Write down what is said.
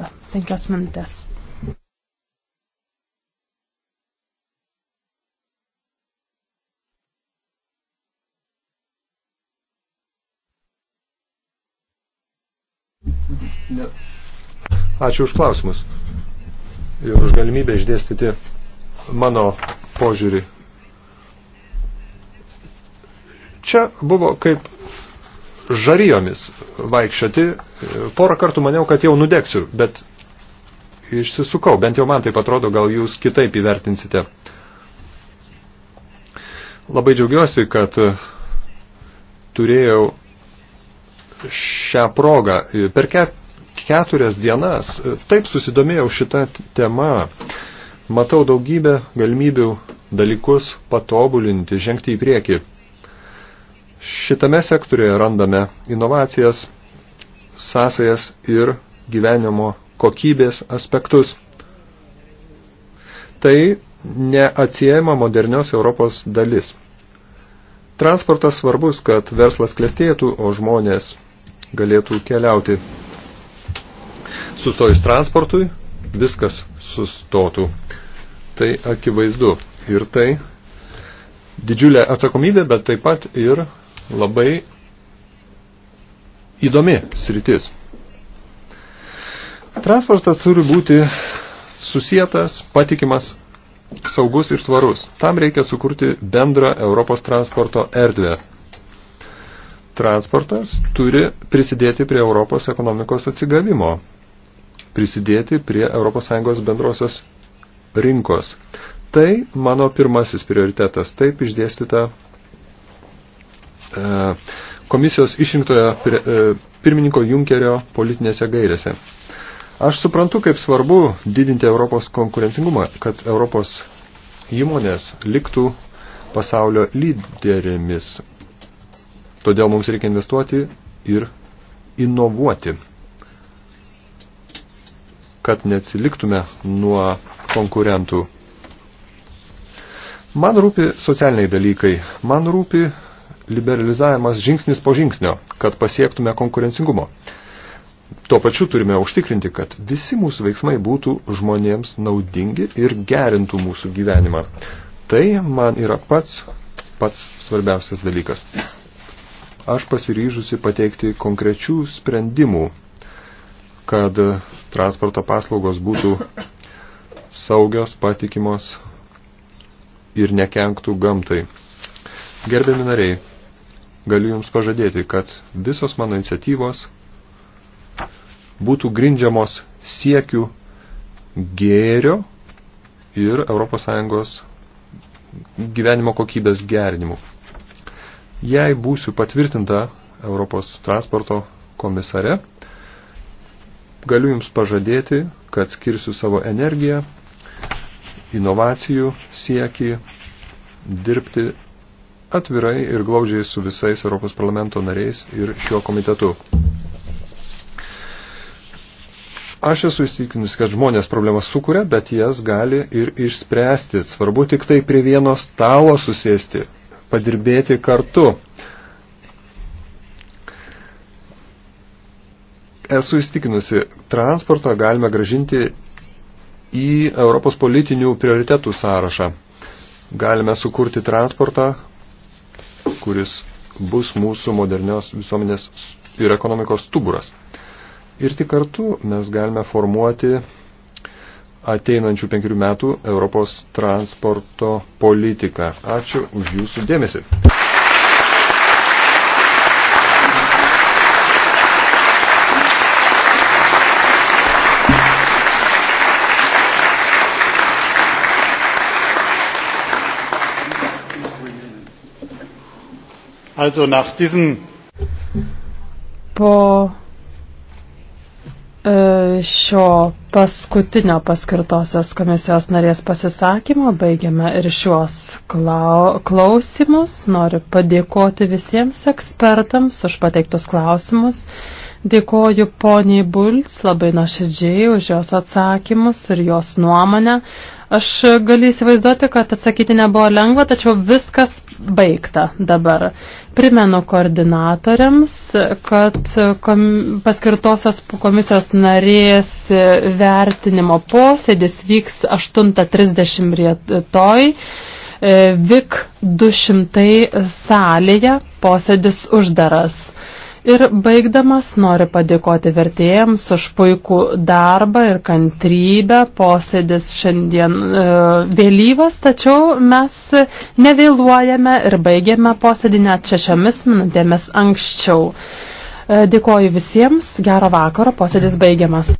Kosta. Penkios minutės. Ne. Ačiū už klausimus ir už galimybę išdėstyti mano požiūrį. Čia buvo kaip žarijomis vaikščioti. Porą kartų maniau, kad jau nudegsiu, bet išsisukau. Bent jau man tai atrodo, gal jūs kitaip įvertinsite. Labai džiaugiuosi, kad turėjau šią progą. Per keturias dienas taip susidomėjau šitą temą. Matau daugybę galimybių dalykus patobulinti, žengti į priekį. Šitame sektoriuje randame inovacijas, sąsajas ir gyvenimo kokybės aspektus. Tai neatsiejama modernios Europos dalis. Transportas svarbus, kad verslas klestėtų, o žmonės galėtų keliauti. Sustojus transportui, viskas sustotų. Tai akivaizdu. Ir tai didžiulė atsakomybė, bet taip pat ir labai įdomi sritis. Transportas turi būti susietas, patikimas, saugus ir tvarus. Tam reikia sukurti bendrą Europos transporto erdvę. Transportas turi prisidėti prie Europos ekonomikos atsigavimo, prisidėti prie ES bendrosios rinkos. Tai mano pirmasis prioritetas, taip išdėstyta E, komisijos išrinktojo e, pirmininko Junkerio politinėse gairėse. Aš suprantu, kaip svarbu didinti Europos konkurencingumą, kad Europos įmonės liktų pasaulio lyderėmis. Todėl mums reikia investuoti ir inovuoti, kad neatsiliktume nuo konkurentų. Man rūpi socialiniai dalykai, man rūpi liberalizavimas žingsnis po žingsnio, kad pasiektume konkurencingumo. Tuo pačiu turime užtikrinti, kad visi mūsų veiksmai būtų žmonėms naudingi ir gerintų mūsų gyvenimą. Tai man yra pats, pats svarbiausias dalykas. Aš pasiryžusi pateikti konkrečių sprendimų, kad transporto paslaugos būtų saugios, patikimos ir nekenktų gamtai. Gerbiami nariai, galiu Jums pažadėti, kad visos mano iniciatyvos būtų grindžiamos siekių gėrio ir ES gyvenimo kokybės gerinimu. Jei būsiu patvirtinta Europos transporto komisare, galiu Jums pažadėti, kad skirsiu savo energiją, inovacijų siekį dirbti atvirai ir glaudžiai su visais Europos parlamento nariais ir šiuo komitetu. Aš esu įstikinus, kad žmonės problemas sukuria, bet jas gali ir išspręsti. Svarbu tik tai prie vieno stalo susėsti, padirbėti kartu. Esu įstikinusi, transportą galime gražinti į Europos politinių prioritetų sąrašą. Galime sukurti transportą, kuris bus mūsų modernios visuomenės ir ekonomikos stuburas. Ir tik kartu mes galime formuoti ateinančių penkerių metų Europos transporto politiką. Ačiū už jūsų dėmesį. Also nach diesen po e, šio paskutinio paskirtosios komisijos narės pasisakymo baigiame ir šiuos klausimus. Noriu padėkoti visiems ekspertams už pateiktus klausimus. Dėkoju poniai Bulc labai nuoširdžiai už jos atsakymus ir jos nuomonę. Aš galiu įsivaizduoti, kad atsakyti nebuvo lengva, tačiau viskas baigta dabar. Primenu koordinatoriams, kad kom, paskirtosios komisijos narės vertinimo posėdis vyks 8.30 rytoj. E, VIK 200 e e, salėje posėdis uždaras. Ir baigdamas noriu padėkoti vertėjams už puikų darbą ir kantrybę. Posėdis šiandien e, vėlyvas, tačiau mes nevėluojame ir baigėme posėdį net šešiamis minutėmis anksčiau. E, dėkoju visiems, gero vakaro, posėdis baigiamas.